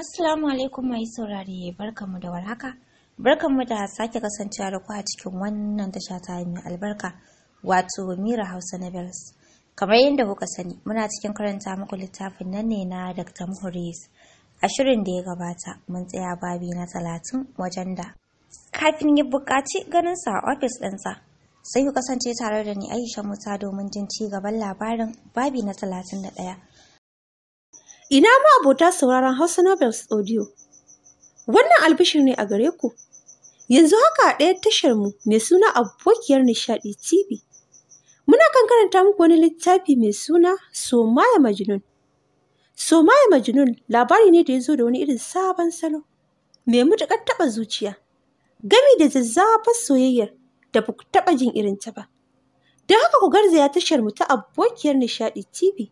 Assalamu alaikum mai saurare barkamu da warhaka. Barkamu da sake kasancewa da ku a cikin wannan tasha ta mai albarka wato Mira Hausa na bels Kamar yadda kuka sani muna cikin karanta muku littafin nan ne na Dr. Muhuris. A shirin da ya gabata mun tsaya babi na talatin wajen da. Kafin yi buƙaci ganin sa a ofis ɗinsa sai ku kasance tare da ni Aisha Musa domin jin ci gaban labarin babi na talatin da ɗaya. Ina ma abota sauraron Hausa Novels Audio. Wannan albishir ne a gare ku. Yanzu haka a ɗaya tashar mu mai suna abokiyar nishaɗi TV. Muna kan karanta muku wani littafi mai suna Somaya Majnun. Somaya Majnun labari ne da ya zo da wani irin sabon salo. Mai matuƙar taɓa zuciya. Gami da zazzafar soyayyar da ba ku taɓa jin irin ta ba. Don haka ku garzaya tashar mu ta abokiyar nishaɗi TV.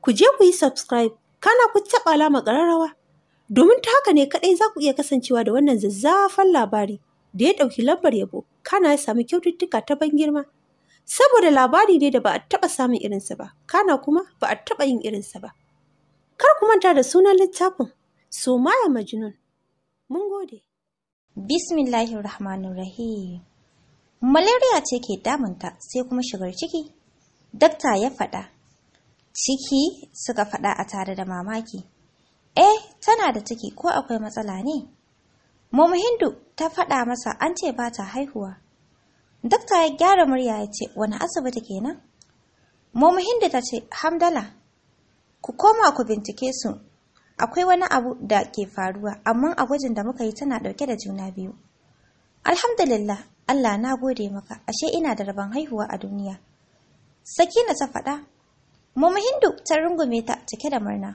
Ku je ku yi subscribe kana ku taɓa alama ƙararrawa domin ta haka ne kaɗai za ku iya kasancewa da wannan zazzafan labari da ya ɗauki lambar yabo kana ya samu kyaututtuka ta ban girma saboda labari ne da ba a taɓa samun irinsa ba kana kuma ba a taɓa yin irinsa ba kar ku manta da sunan littafin somaya majnun mun gode bismillahir rahmanin rahim malaria ce ke damunta sai kuma shigar ciki dakta ya faɗa Ciki suka faɗa a tare da mamaki. Eh, tana da ciki ko akwai matsala ne? Mumu Hindu ta faɗa masa an ce ba ta haihuwa. Dokta ya gyara murya ya ce, wani asibiti kenan? Mamu Hindu ta ce, Hamdala, ku koma ku bincike su, akwai wani abu da ke faruwa, amma a gwajin da muka yi tana ɗauke da juna biyu. Alhamdulillah, Allah na gode maka, ashe ina da rabon haihuwa a duniya. Sakina ta faɗa, Mama Hindu ta rungume ta cike da murna.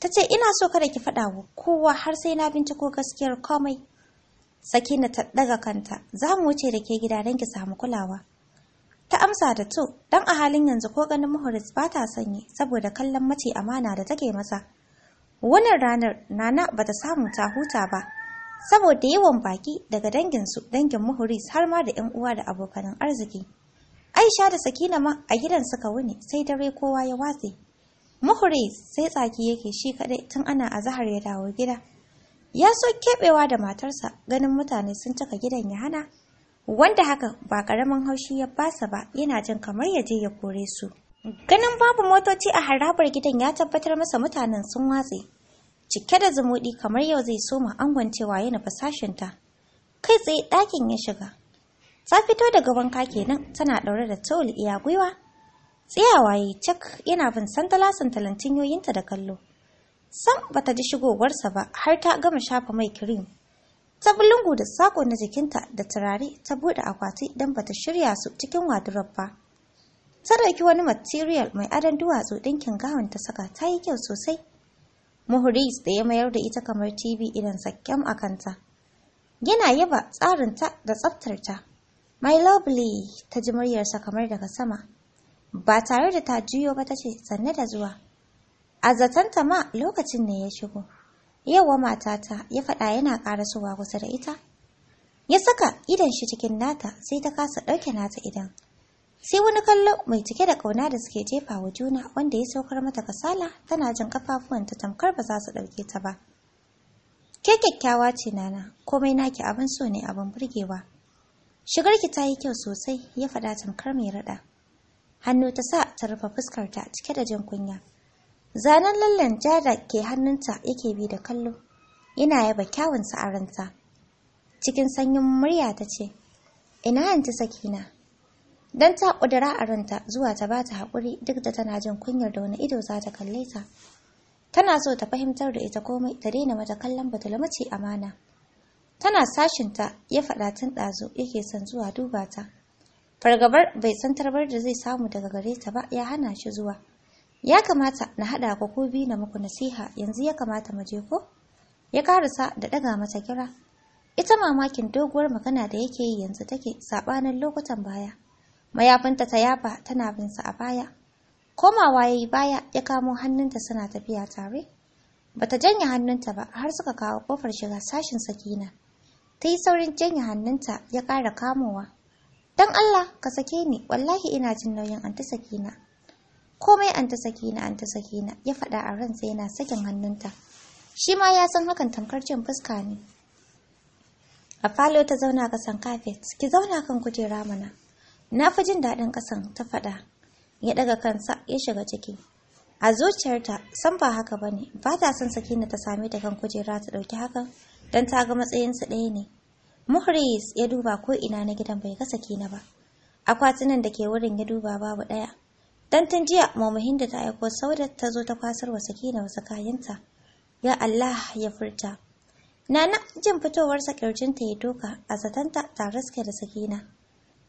Ta ce, Ina so kada ki faɗa wa kowa har sai na binciko gaskiyar komai. Sakina ta ɗaga kanta, za mu wuce da ke gida don ki samu kulawa. Ta amsa da to, don a halin yanzu ko ganin Muhuris ba ta sanyi saboda kallon mace amana da take masa. Wannan ranar Nana ba ta samu ta huta ba, saboda yawan baki daga danginsu dangin Muhuris har ma da 'yan uwa da abokanan arziki. Aisha da Sakina ma a gidan suka wuni sai dare kowa ya watse. Muhri sai tsaki yake shi kadai tun ana azahar ya dawo gida. Ya so keɓewa da matarsa ganin mutane sun cika gidan ya hana, wanda haka ba ƙaramin haushi ya basa ba yana jin kamar ya je ya kore su. Ganin babu motoci a harabar gidan ya tabbatar masa mutanen sun watse, cike da zumudi kamar yau zai soma angon cewa yana fasashinta. Kai tsaye ɗakin ya shiga, Ta fito daga wanka kenan tana ɗaure da tawul iya gwiwa. Tsayawa yi cak yana bin santala santalan tinyoyinta da kallo. Sam bata ji shigowarsa ba har ta gama shafa mai kirim. Ta bulungu da sako na jikinta da turare ta buɗe akwati don bata shirya su cikin wadurar ba. Ta ɗauki wani material mai adon duwatsu ɗinkin gawan ta saka ta yi kyau sosai. Muhuris da ya mayar da ita kamar TV idan sakyam a kanta. Yana yaba tsarinta da tsaftarta. My lovely, ta ji muryarsa kamar daga sama. Ba tare da ta juyo ba ta ce, sanne da zuwa. A zaton ta ma lokacin ne ya shigo. Yawa matata ya faɗa yana ƙara ƙarasowa kusa da ita. Ya saka idon shi cikin nata sai ta kasa ɗauke nata idan. Sai wani kallo mai cike da ƙauna da suke jefa wa juna wanda ya saukar mata kasala tana jin ta tamkar ba za su ɗauke ta ba. Ke kyakkyawa ce nana, komai naki abin so ne abin burgewa. Shigarki ta yi kyau sosai, ya faɗa tamkar mai raɗa. Hannu ta sa ta rufe fuskarta cike da jin kunya. Zanen lallan jada ke hannunta yake bi da kallo, yana yaba kyawun sa'aranta. Cikin sanyin murya ta ce, Ina yanti sakina, don ta ƙudura a ranta zuwa ta bata haƙuri duk da tana jin kunyar da wani ido za ta kalle ta. Tana so ta fahimtar da ita komai ta daina mata kallon batulmace amana. Tana sashin ta ya faɗa tun ɗazu yake son zuwa duba ta. Fargabar bai san tarbar da zai samu daga gare ta ba ya hana shi zuwa. Ya kamata na haɗa ku ko biyu na muku nasiha yanzu ya kamata mu je ko? Ya karasa da ɗaga mata kira. Ita mamakin doguwar magana da yake yi yanzu take saɓanin lokutan baya. Mayafinta ta yaba tana bin sa a baya. Komawa ya yi baya ya kamo hannunta suna tafiya tare. Bata janye hannunta ba har suka kawo kofar shiga sashin sakina. ta yi saurin janye hannunta ya ƙara kamowa. Don Allah ka sake ni, wallahi ina jin nauyin an ta sake na. Komai an ta na, an ta sake na ya faɗa a ransa yana sakin hannunta. Shi ma ya san hakan tamkar jin fuska ne. A falo ta zauna kasan kafet, ki zauna kan kujera mana. Na fi jin daɗin ƙasan ta faɗa. Ya ɗaga kansa ya shiga ciki. A zuciyarta san ba haka ba ne, ba ta son sakina ta same ta kan kujera ta ɗauki hakan. don ta ga matsayinsa ɗaya ne. Muhris ya duba ko ina na gidan bai ga na ba. Akwatunan da ke wurin ya duba babu ɗaya. Dan tun jiya mamahin da ta aiko sauda ta zo ta kwasar wa na wasu kayanta. Ya Allah ya furta. Nana jin fitowar sakircinta ya doka a zatanta ta raske da sakina.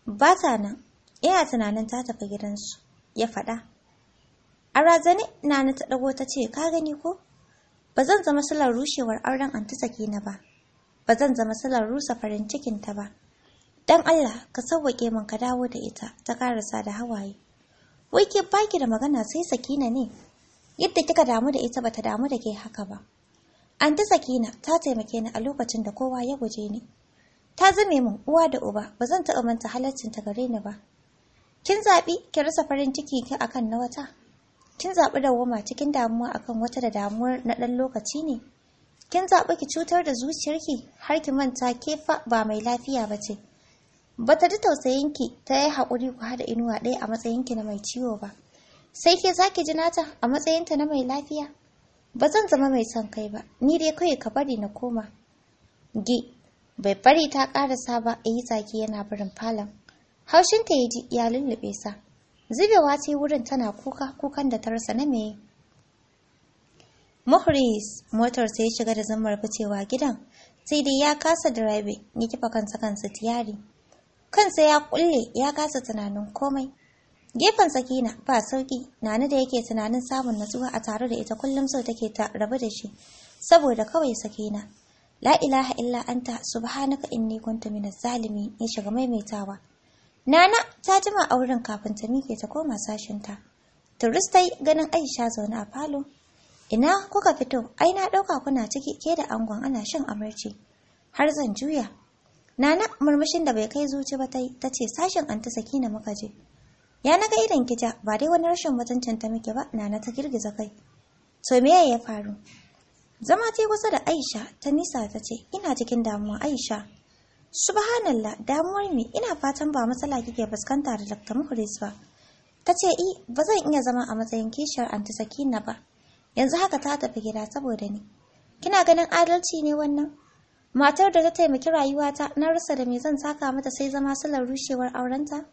Ba ta nan, ina tunanin ta tafi gidansu, ya faɗa. A razane Nana ta ɗago ta ce, ka gani ko? ba zan zama salar rushewar auren anti na ba ba zan zama salar rusa farin cikinta ba dan Allah ka sauwaƙe min ka dawo da ita ta karasa da hawaye wai ke baki da magana sai sakina ne yadda kika damu da ita ba ta damu da ke haka ba anti sakina ta taimake ni a lokacin da kowa ya guje ni ta zame min uwa da uba ba zan taɓa manta halaccin ta gare ni ba kin zaɓi ki rasa farin ciki ki akan na wata kin zaɓi dawwama cikin damuwa akan wata da damuwar na ɗan lokaci ne kin zaɓi ki cutar da zuciyarki har ki manta ke fa ba mai lafiya ba ce ba ta ji tausayinki ta yi haƙuri ku haɗa inuwa ɗaya a matsayinki na mai ciwo ba sai ke za ki ji nata a matsayinta na mai lafiya ba zan zama mai son kai ba ni dai kawai ka bari na koma gi bai bari ta ƙarasa ba yi zaki yana barin falon haushinta ya ji ya lullube sa zubewa ce wurin tana kuka kukan da rasa na me. muhris motar sai shiga da zammar ficewa gidan sai dai ya kasa drive ya kifa kansa kansa tiyari kansa ya kulle ya kasa tunanin komai gefen sakina ba sauki na da yake tunanin samun natsuwa a tare da ita kullum sau take ta rabu da shi saboda kawai sakina la ilaha illa anta subhanaka inni kuntu minaz zalimin ya shiga maimaitawa Nana ta jima a wurin kafin ta mike ta koma sashinta. Turistai ganin Aisha zaune a falo. Ina kuka fito, ai na ɗauka kuna ciki ke da angon ana shan amarci. Har zan juya. Nana murmushin da bai kai zuci ba tai ta ce sashin anta na muka je. Ya naga idan kija ba dai wani rashin mutuncin ta muke ba Nana ta girgiza kai. To me ya faru? Zama ta kusa da Aisha ta nisa ta ce ina cikin damuwa Aisha. subhanallah damuwar me ina fatan ba matsala kike fuskanta da dr muhris ba ta ce i eh, ba zan iya zama a matsayin kishiyar anti sakina ba yanzu haka ta tafi gida saboda ni kina ganin adalci ne wannan matar da ta taimaki rayuwata na rasa da me zan saka mata sai zama salar rushewar aurenta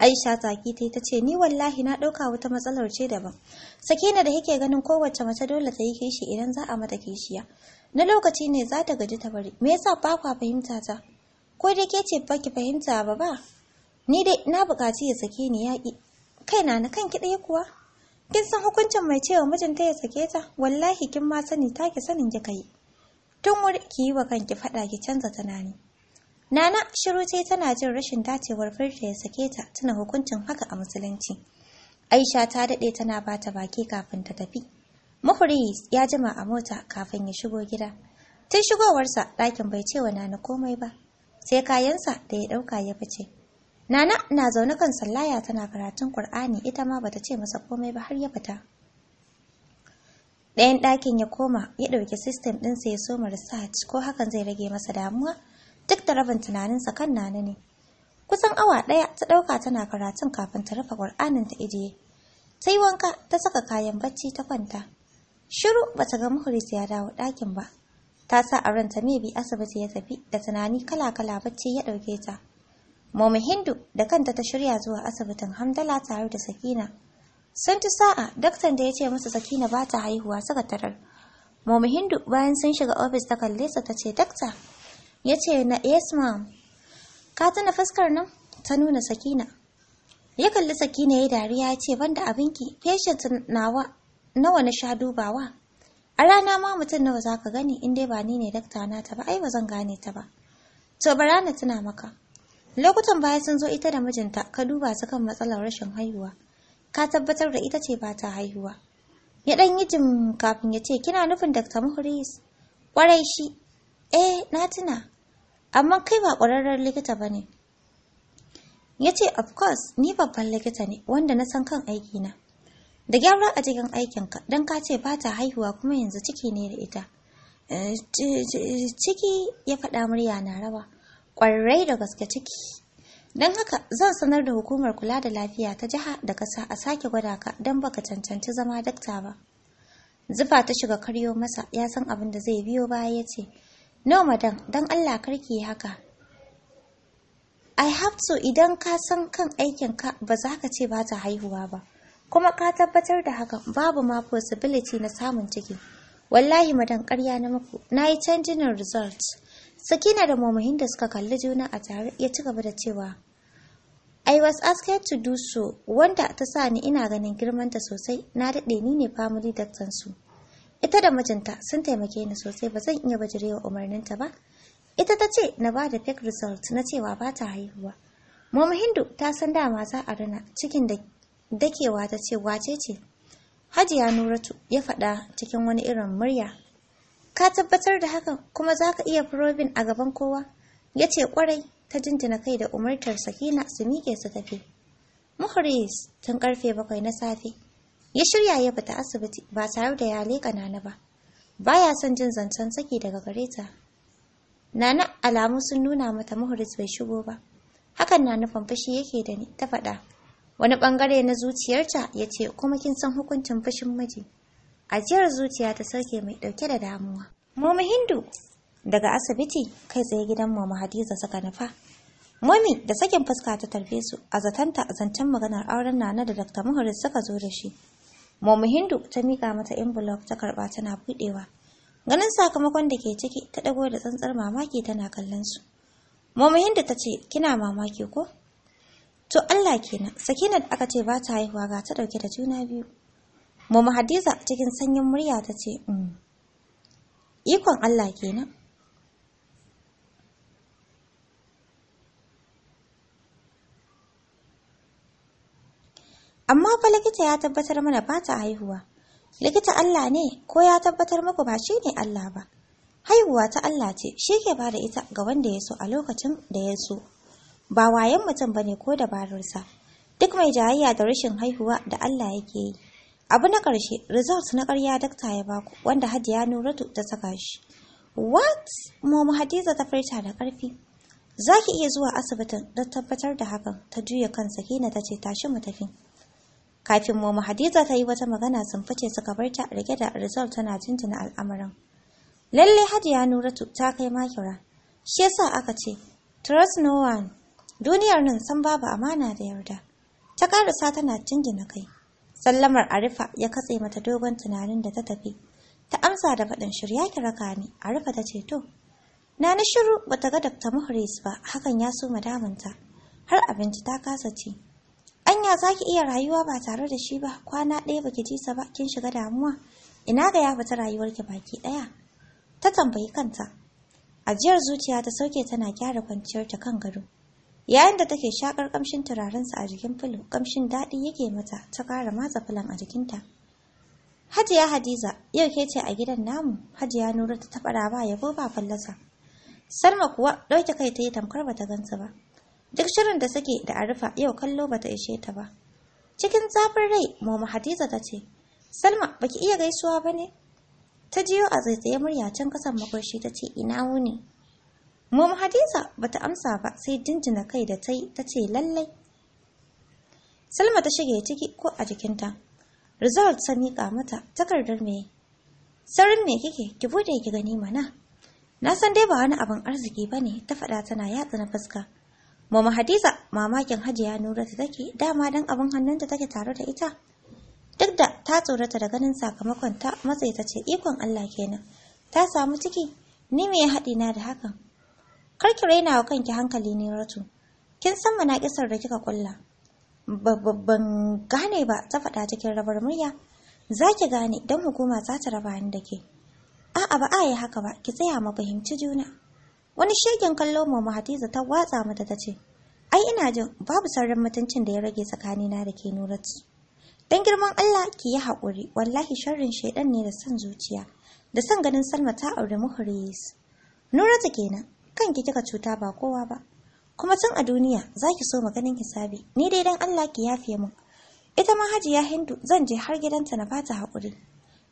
Aisha zaki ta ta ce ni wallahi na ɗauka wata matsalar ce daban. Sakina da yake ganin kowace mace dole ta yi kishi idan za a mata kishiya. na lokaci ne za ta gaji ta bari me yasa ba kwa fahimta ta ko dai ke ce ba ki fahimta ba ba ni dai na bukaci ya sake ni yaƙi Kai na kanki ɗaya kuwa kin san hukuncin mai cewa mijinta ya sake ta wallahi kin ma sani ta ki sanin ki kai tun wuri ki yi wa kanki faɗa ki canza tunani Nana shiru ce tana jin rashin dacewar firta ya sake ta tana hukuncin haka a musulunci. Aisha ta daɗe tana bata baki kafin ta tafi. Mukhris ya jima a mota kafin ya shigo gida. Tun shigowarsa ɗakin bai ce wa Nana komai ba, sai kayansa da ya ɗauka ya fice. Nana na zaune kan sallaya tana karatun Kur'ani ita ma bata ce masa komai ba har ya fita. Ɗayan ɗakin ya koma ya ɗauki sistem ɗinsa ya soma research ko hakan zai rage masa damuwa duk da rabin tunaninsa kan Nana ne. Kusan awa ɗaya ta ɗauka tana karatun kafin ta rufe Kur'anin ta ijiye. Ta wanka ta saka kayan bacci ta kwanta. Shiru ba ta ga Mukhlis ya dawo ɗakin ba. Ta sa a ranta bi asibiti ya tafi da tunani kala-kala bacci ya ɗauke ta. Momi Hindu da kanta ta shirya zuwa asibitin Hamdala tare da Sakina. Sun ci sa'a daktan da ya ce masa Sakina ba ta haihuwa suka tarar. Momi Hindu bayan sun shiga ofis ta kalle sa ta ce dakta. Ya ce na yes ma'am. Ka tuna fuskar nan? Ta nuna Sakina. Ya kalli Sakina ya dariya ya ce banda abinki patient nawa nawa na sha dubawa a rana ma mutum nawa za ka gani in dai ba ni ne dakta na ta ba ai ba zan gane ta ba to bara na tuna maka lokutan baya sun zo ita da mijinta ka duba su kan matsalar rashin haihuwa ka tabbatar da ita ce ba ta haihuwa ya dan yi jin kafin ya ce kina nufin dakta muhris kwarai shi eh na tuna amma kai ba kwararren likita ba ne ya ce of course ni babban likita ne wanda na san kan aikina da gyara a cikin aikinka don ka ce ba ta haihuwa kuma yanzu ciki ne da ita eh, ciki ya faɗa murya na rawa ƙwarai da gaske ciki don haka zan sanar da hukumar kula da lafiya ta jiha da ƙasa a sake gwada ka don baka cancanci zama dakta ba zufa ta shiga karyo masa ya san abin da zai biyo baya ya ce no madam don allah karki haka i have to idan ka san kan aikinka ba za ka ce ba ta haihuwa ba kuma ka tabbatar da hakan babu ma possibility na samun ciki wallahi madan ƙarya na muku na yi canjin result sakina da mamahin da suka kalli juna a tare ya ci gaba da cewa I was asked to do so wanda ta sa ni ina ganin girmanta sosai na daɗe ni ne family doctor su ita da mijinta sun taimake ni sosai ba zan iya bajirewa umarninta ba ita ta ce na ba da fake result na cewa ba ta haihuwa mama hindu ta san dama za a rana cikin da dakewa ta ce wace ce hajiya nuratu ya faɗa cikin wani irin murya ka tabbatar da hakan kuma za ka iya furobin a gaban kowa ya ce kwarai ta jinjina kai da umartar sakina su miƙe su tafi muhris tun karfe bakwai na safe ya shirya ya fita asibiti ba tare da ya leƙa nana ba baya son jin zancen saki daga gare ta nana alamu sun nuna mata muhris bai shigo ba hakan na nufin fushi yake da ni ta faɗa wani bangare na zuciyarta ya ce kuma kin san hukuncin fushin miji ajiyar zuciya ta sauke mai dauke da damuwa momi hindu daga asibiti kai tsaye gidan mama hadiza saka nafa. momi da sakin fuska ta tarfe su a zatanta a zancen maganar auren nana da dr muhari suka zo da shi momi hindu ta mika mata envelope ta karba tana budewa ganin sakamakon da ke ciki ta dago da tsantsar mamaki tana kallon su momi hindu ta ce kina mamaki ko To Allah kenan, Sakina da aka ce ba ta haihuwa ga ta dauke da juna biyu. Mama Hadiza cikin sanyin murya ta ce, mm. Ikon Allah kenan. Amma fa likita ya tabbatar mana ba ta haihuwa. Likita Allah ne ko ya tabbatar muku ba shi ne Allah ba. Haihuwa ta Allah ce, shi ke ba da ita ga wanda ya so a lokacin da ya so. ba wayan mutum ba ne, ko dabararsa duk mai jayayya da rashin haihuwa da Allah yake yi abu na ƙarshe result na ƙarya dakta ya baku wanda Hajiya Nuratu ta saka shi what Momo Hadiza ta furta da ƙarfi zaki iya zuwa asibitin don tabbatar da hakan ta juya kansa Sakina ta ce tashi mu tafi kafin Momo Hadiza ta yi wata magana sun fice suka bar ta rike da result tana jinjina al'amuran lalle Hajiya Nuratu ta kai makira shi yasa aka ce trust no one duniyar nan san babu amana da yarda ta karasa tana jingina kai sallamar arifa ya katse mata dogon tunanin da ta tafi ta amsa da faɗin shirya ki raka ni arifa ta ce to na na shiru bata ga dr muhris ba hakan ya so ta. har abinci ta kasa ci anya za ki iya rayuwa ba tare da shi ba kwana ɗaya baki ji sa ba kin shiga damuwa ina ga ya fita ki baki ɗaya ta tambayi kanta ajiyar zuciya ta sauke tana gyara kwanciyar ta kan gado yayin da take shakar kamshin turarensa a jikin filo kamshin daɗi yake mata ta ƙara matsa filon a jikin ta. hajiya hadiza yau ke ce a gidan namu hajiya nura ta taɓa ba yabo ba fallasa salma kuwa ɗauke kai ta yi tamkar bata gansa ba duk shirin da suke da arifa yau kallo bata ishe ta ba cikin zafin rai mama hadiza ta ce salma baki iya gaisuwa ba ne ta jiyo a tsaitsaye murya can kasan makoshi ta ce ina wuni Mom Hadiza bata amsa ba sai jinjina kai da ta yi ta ce lallai. Salma ta shige ciki ko a jikinta. Result ta miƙa mata takardar me. Saurin me kike ki bude ki gani mana. Na san dai ba wani abin arziki ba ne ta faɗa tana yatsa na fuska. Mama Hadiza mamakin Hajiya Nura ta take dama dan abin hannunta take tare da ita. Duk da ta tsorata da ganin sakamakon ta matsayi ta ce ikon Allah kenan. Ta samu ciki ni me ya haɗi na da hakan. Kar ki raina wa kanki hankali ne Ratu. Kin san mana kisar da kika kulla. Ban gane ba ta faɗa cikin rabar murya. zaki gane dan hukuma za ta raba ni da ke. A'a ba a yi haka ba, ki tsaya ma fahimci juna. Wani shegen kallon mu Hadiza ta watsa mata ta ce, Ai ina jin babu sarrin mutuncin da ya rage tsakanina da ke Nuratu. Dan girman Allah ki yi haƙuri, wallahi sharrin shaidan ne da san zuciya, da san ganin Salma ta aure muhris. Nuratu kenan, kanki kika cuta ba kowa ba kuma tun a duniya zaki ki so ganin hisabi ni dai dan Allah ki yafe min ita ma hajiya hindu zan je har gidanta na bata hakuri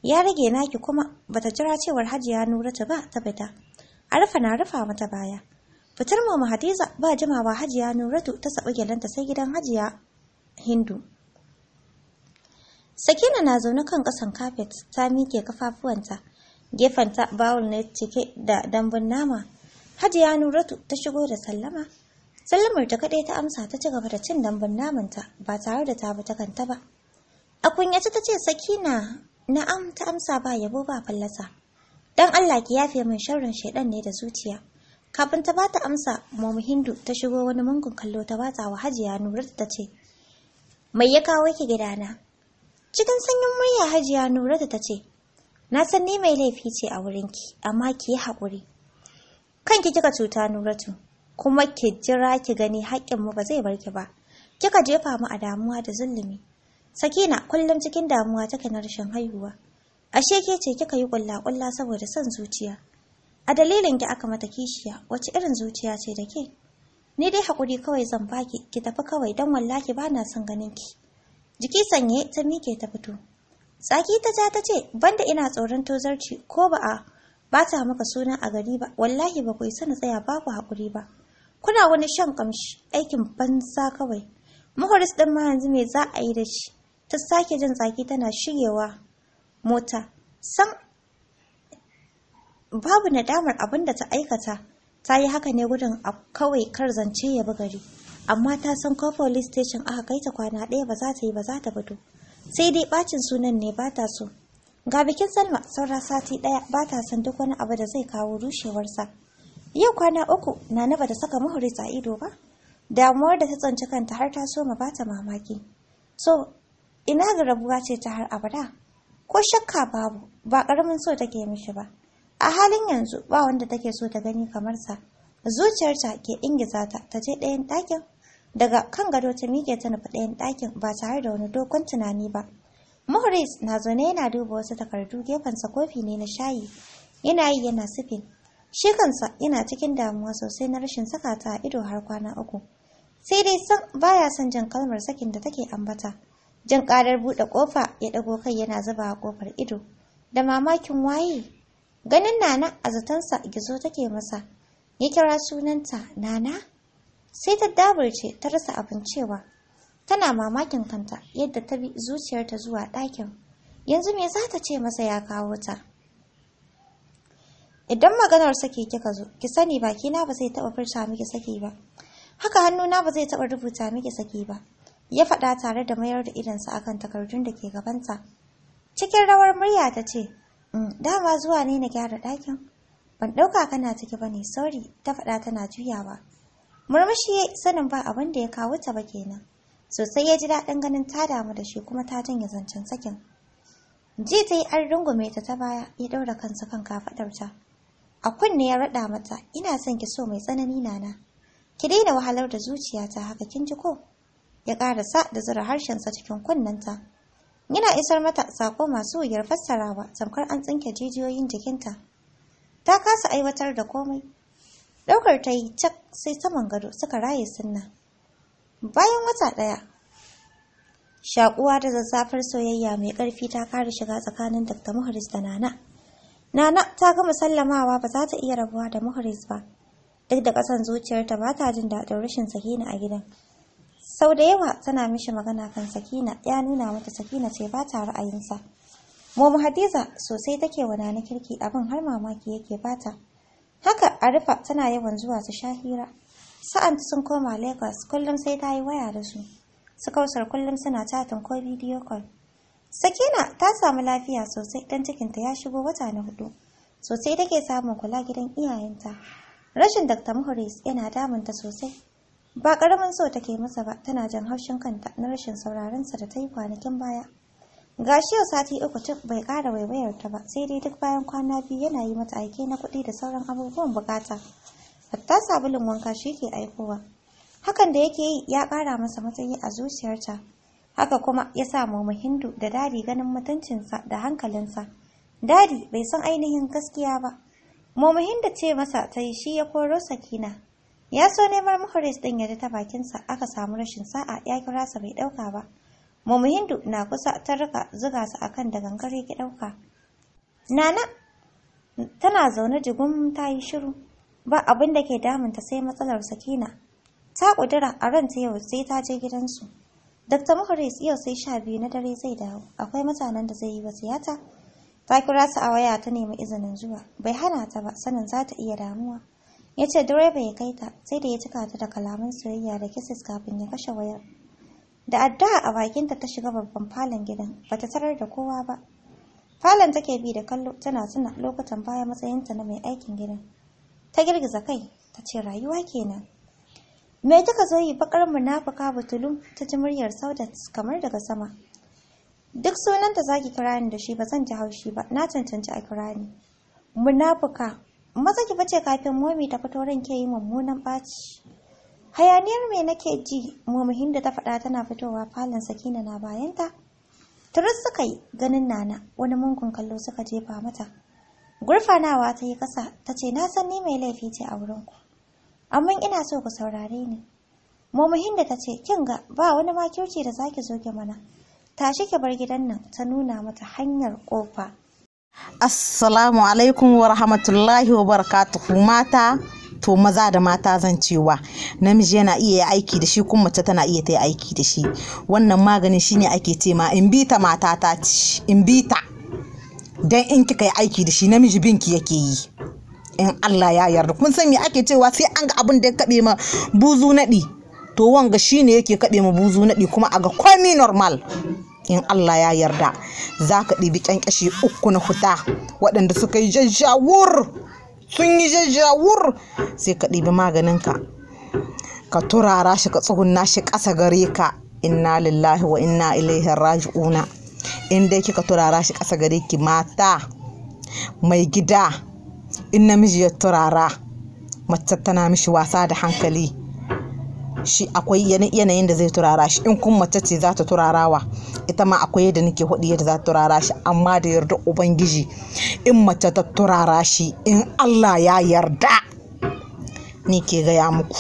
ya rage naki kuma bata jira cewar hajiya ta ba ta fita a rufa na rufa mata baya fitar mama hadiza ba jimawa hajiya nuratu ta sabu ta sai gidan hajiya hindu sakina na zaune kan ƙasan kafet ta miƙe kafafuwanta gefenta bawul ne cike da dambun nama Hajiya Nuratu ta shigo da sallama. Sallamar ta kaɗai ta amsa ta ci gaba da cin dambun namanta ba tare da ta ta kanta ba. A kunyace ta ce sakina na'am ta amsa ba yabo ba fallasa. Dan Allah ki yafe min sharrin shaidan ne da zuciya. Kafin ta bata amsa, Mamu Hindu ta shigo wani mungun kallo ta bata wa Hajiya Nuratu ta ce, Mai ya kawo ki gidana? Cikin sanyin murya Hajiya Nuratu ta ce, Na san ni mai laifi ce a wurinki, amma ki yi haƙuri. Kanki kika cuta Nuratu, kuma ki jira ki gani mu ba zai bar ki ba. Kika jefa mu a damuwa da zulumi. Sakina kullum cikin damuwa take na rashin haihuwa. Ashe ke ce kika yi ƙulla kulla saboda son zuciya. A dalilin ki aka mata kishiya, wace irin zuciya ce da ke? Ni dai hakuri kawai zan baki, ki tafi kawai don wallahi ba na son ganin ki. Jiki sanye ta mike ta fito. Tsaki ta ja ta ce, banda ina tsoron tozarci ko ba a ba ta maka suna a gari ba wallahi ba ku isa na tsaya ba ku haƙuri ba kuna wani shan kamshi aikin bansa kawai muhuris ɗin ma yanzu me za a yi da shi ta sake jin tsaki tana shigewa mota san babu nadamar abin da ta aikata ta yi haka ne gudun a kawai kar zance ya bi gari amma ta san ko police station aka kai ta kwana ɗaya ba za ta yi ba za ta fito sai dai ɓacin sunan ne ba ta so ga bikin salma saura sati ɗaya ba ta son duk wani abu da zai kawo rushewarsa yau kwana uku na naba da saka muhuri a ido ba damuwar da ta tsanci kanta har ta so ma ba ta mamaki so ina ga rabuwa ce ta har abada ko shakka babu ba ƙaramin so take mishi ba a halin yanzu ba wanda take so ta gani kamar sa zuciyarta ke ingiza ta ta je ɗayan ɗakin daga kan gado ta miƙe ta nufi ɗayan ɗakin ba tare da wani dogon tunani ba Morris na zaune yana duba wasu takardu gefensa kofi ne na shayi. Yana yi yana sifin. Shi kansa yana cikin damuwa sosai na rashin saka ta ido har kwana uku. Sai dai san baya son jan kalmar sakin da take ambata. jan ƙarar buɗe ƙofa ya ɗago kai yana zuba a kofar ido. Da mamakin waye. Ganin Nana a zatansa gizo take masa. Ya kira sunanta Nana. Sai ta daburce ta rasa abin cewa. Tana mamakin kanta yadda ta bi zuciyarta zuwa ɗakin. Yanzu me za ta ce masa ya kawo ta? Idan maganar saki kika zo, ki sani bakina ba zai taɓa furta miki saki ba. Haka hannu na ba zai taɓa rubuta miki saki ba. Ya faɗa tare da mayar da idonsa akan takardun da ke gabanta. Cikin rawar murya ta ce, mm, dama zuwa ne na gyara ɗakin. Ban ɗauka kana ciki ba ne, sauri ta faɗa tana juyawa. Murmushi sanin ba abin da ya kawo ta ba kenan. sosai ya ji daɗin ganin ta damu da shi kuma ta janye zancen sakin ji ta yi an rungume ta ta baya ya ɗaura kansa kan kafaɗarta a kunne ya raɗa mata ina son ki so mai tsanani nana ki daina wahalar da zuciyata haka kin ji ko ya ƙara sa da zura harshensa cikin kunnenta yana isar mata sako masu wuyar fassarawa tamkar an tsinke jijiyoyin jikinta ta kasa aiwatar da komai ɗaukar ta yi cak sai saman gado suka raye sunna Bayan wata ɗaya, Shaƙuwa da zazzafar soyayya mai ƙarfi ta ƙara shiga tsakanin Dr. Muhris da Nana. Nana ta gama sallamawa ba za ta iya rabuwa da Muhris ba, duk da ƙasan zuciyarta ba ta jin daɗin rashin Sakina a gidan. Sau da yawa tana mishi magana kan Sakina ya nuna mata Sakina ce ba ta ra'ayinsa. Momu Hadiza sosai take wa Nana kirki abin har mamaki yake bata. Haka Arifa tana yawan zuwa ta sha hira. sa'an sun koma lagos kullum sai ta yi waya da su su kausar kullum suna chatin ko bidiyo call sakina ta samu lafiya sosai don cikinta ya shigo wata na hudu sosai take samun kula gidan iyayenta rashin dr muhuris yana damunta sosai ba karamin so take masa ba tana jan haushin kanta na rashin sa da ta yi kwanakin baya gashi yau sati uku tun bai ƙara waiwayarta ba sai dai duk bayan kwana biyu yana yi mata aiki na kuɗi da sauran abubuwan bukata hatta sabulun wanka shi ke aikowa hakan da yake yi ya ƙara masa matsayi a zuciyarta haka kuma ya sa mu hindu da dadi ganin mutuncinsa da hankalinsa dadi bai san ainihin gaskiya ba Momo Hindu ce masa ta yi shi ya koro Sakina. Ya so neman muhuris ɗin ya ji ta bakinsa aka samu rashin sa'a ya kira sa bai ɗauka ba. Momo Hindu na kusa ta rika zuga sa akan da gangare ki ɗauka. Nana tana zaune jigun ta yi shiru. ba abin da ke damunta sai matsalar sakina ta kudura a ranta yau sai ta je gidansu dr muharis yau sai sha biyu na dare zai dawo akwai mutanen da zai yi wa wasiyata ta kira su a waya ta nemi izinin zuwa bai hana ta ba sanin za ta iya damuwa ya ce direba ya kai ta sai da ya cika ta da kalaman soyayya da kisis kafin ya kashe wayar da addu'a a bakinta ta shiga babban falon gidan bata tarar da kowa ba falon take bi da kallo tana tuna lokutan baya matsayinta na mai aikin gidan ta girgiza kai ta ce rayuwa kenan me kika zo yi bakar munafuka butulum ta ji muryar saudat kamar daga sama duk sunan da zaki kira ni da shi ba zan ji haushi ba na cancanci a kira ni munafuka maza ki bace kafin momi ta fito ran ke yi mummunan ɓaci hayaniyar me nake ji momihin da ta faɗa tana fitowa falon sakina na bayanta turus suka yi ganin nana wani mungun kallo suka jefa mata Gurfanawa ta yi ƙasa ta ce na san ni mai laifi ce a wurinku, amma ina so ku saurare ni. momahin da ta ce kin ga ba wani makirci da zaki zo ki mana, tashi ki bar gidan nan ta nuna mata hanyar ƙofa. Assalamu alaikum wa rahmatullahi wa barakatuhu mata to maza da mata zan cewa namiji yana iya yi aiki da shi kuma mace tana iya ta yi aiki da shi wannan maganin shine ake ce ma in bita mata ta ci in bita dan in kika yi aiki da shi namiji binki yake yi in Allah ya yarda kun san me ake cewa sai an ga abin da ya kabe ma buzu nadi to wanga shine yake kabe ma buzu nadi kuma a ga komi normal in Allah ya yarda za ka ɗibi ƙyanƙyashi uku na huta waɗanda suka yi jajjawur sun yi jajjawur sai ka ɗibi maganin ka ka turara shi ka tsugunna shi ƙasa gare ka inna lillahi wa inna ilaihi raji'una in dai kika turara shi ƙasa gare ki mata mai gida in namiji ya turara mace tana mishi wasa da hankali shi akwai yanayin da zai turara shi in kun mace ce za ta turarawa ita ma akwai yadda nake hudu yadda za ta turara shi amma da yarda ubangiji in mace ta turara shi in allah ya yarda ni ke gaya muku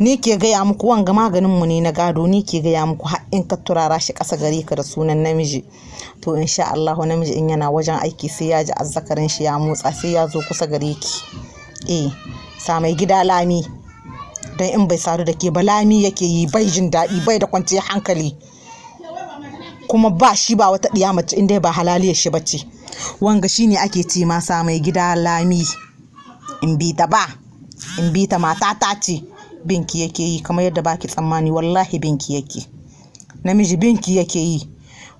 ni ke gaya muku wanga maganin mu ne na gado ni ke gaya muku har in ka turara shi ƙasa gare ka da sunan namiji to insha Allah namiji in yana wajen aiki sai ya ji azzakarin shi ya motsa sai ya zo kusa gare ki eh sa mai gida lami dan in bai sadu da ke ba lami yake yi bai jin daɗi bai da kwanciyar hankali kuma ba shi ba wata ɗiya mace in dai ba halaliyar shi bace wanga shi ne ake ce ma sa mai gida lami in bi ta ba in bi ta matata ce binki yake yi kamar yadda baki tsammani wallahi binki yake namiji binki yake yi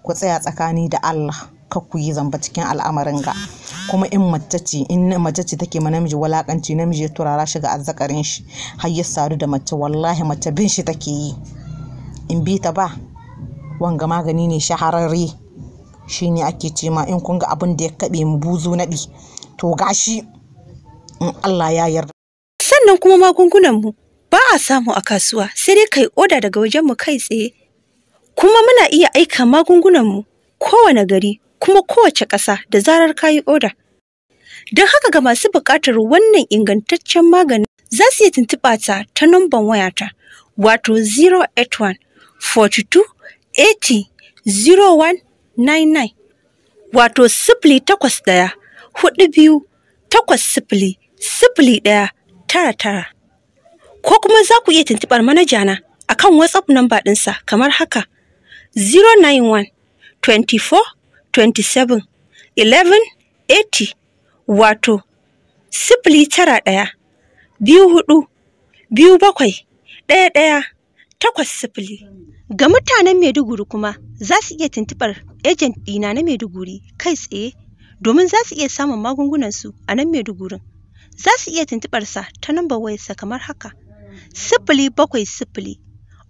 ku tsaya tsakani da Allah ka ku yi zamba cikin al'amarin ga kuma in mace ce in mace ce take ma namiji walakanci namiji ya turara shi ga azzakarin shi har ya sadu da mace wallahi mace bin shi take yi in bi ta ba wanga magani ne shahararre shine ake ce ma in kun ga abin da ya kabe mu buzu naɗi to gashi in Allah ya yarda sannan kuma magungunan mu ba a samu a kasuwa sai dai kai oda daga wajenmu kai tsaye kuma muna iya aika magungunanmu kowane gari kuma kowace ƙasa da zarar kayi oda don haka ga masu buƙatar wannan ingantaccen maganin za su iya tuntuɓa ta ta wayata wato 081 42 80 0199 wato sifili takwas ɗaya huɗu biyu takwas sifili sifili ɗaya tara tara ko kuma za ku iya tuntuɓar manaja na akan WhatsApp namba ɗinsa kamar haka 091 24 27 11 80 wato sifili tara ɗaya biyu hudu biyu bakwai ɗaya ɗaya takwas sifili. Ga mutanen Maiduguri kuma za su iya tuntuɓar ejent ɗina na Maiduguri kai tsaye domin za su iya samun magungunansu a nan Maidugurin. Za su iya tuntubarsa ta nambar wayarsa kamar haka sifili bakwai sifili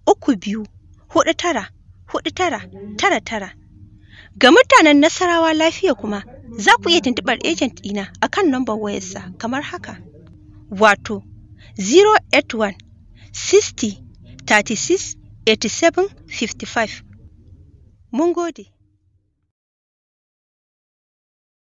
uku biyu hudu tara hudu tara tara tara ga mutanen nasarawa lafiya kuma za ku iya tuntuɓar ejent ɗina a kan nambar wayarsa kamar haka wato 081 60 36 87 55 mun gode